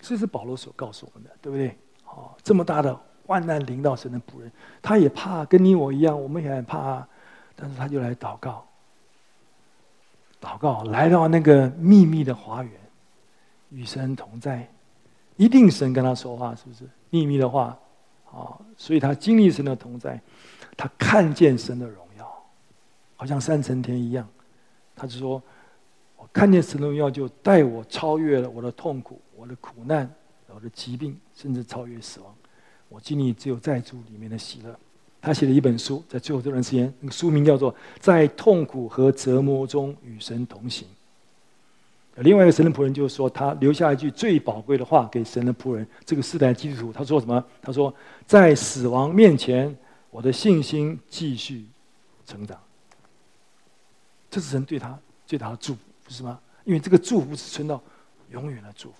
這是保羅所告訴我們的，對不對？哦，這麼大的患難臨到神的僕人，他也怕，跟你我一樣，我們也很怕啊，但是他就來禱告，禱告來到那個秘密的花園，與神同在，一定神跟他說話，是不是秘密的話？啊，哦，所以他經歷神的同在。他看見神的榮耀，好像三層天一樣。他就說：“我看見神的榮耀，就帶我超越了我的痛苦、我的苦難、我的疾病，甚至超越死亡。我經歷只有在主裡面的喜樂。”他寫了一本書，在最後這段時間，那個書名叫做《在痛苦和折磨中與神同行》。另外一個神的僕人就是說，他留下一句最寶貴的話給神的僕人，這個世代基督徒他說什麼？他說：“在死亡面前。”我的信心繼續成長，這是神對他最大的祝福，不是嗎？因為這個祝福是存到永遠的祝福。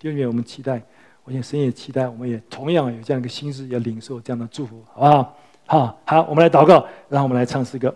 因為我們期待，我想神也期待，我們也同樣有這樣一個心思，也要領受這樣的祝福，好不好？好，好，我們來禱告，然後我們來唱詩歌。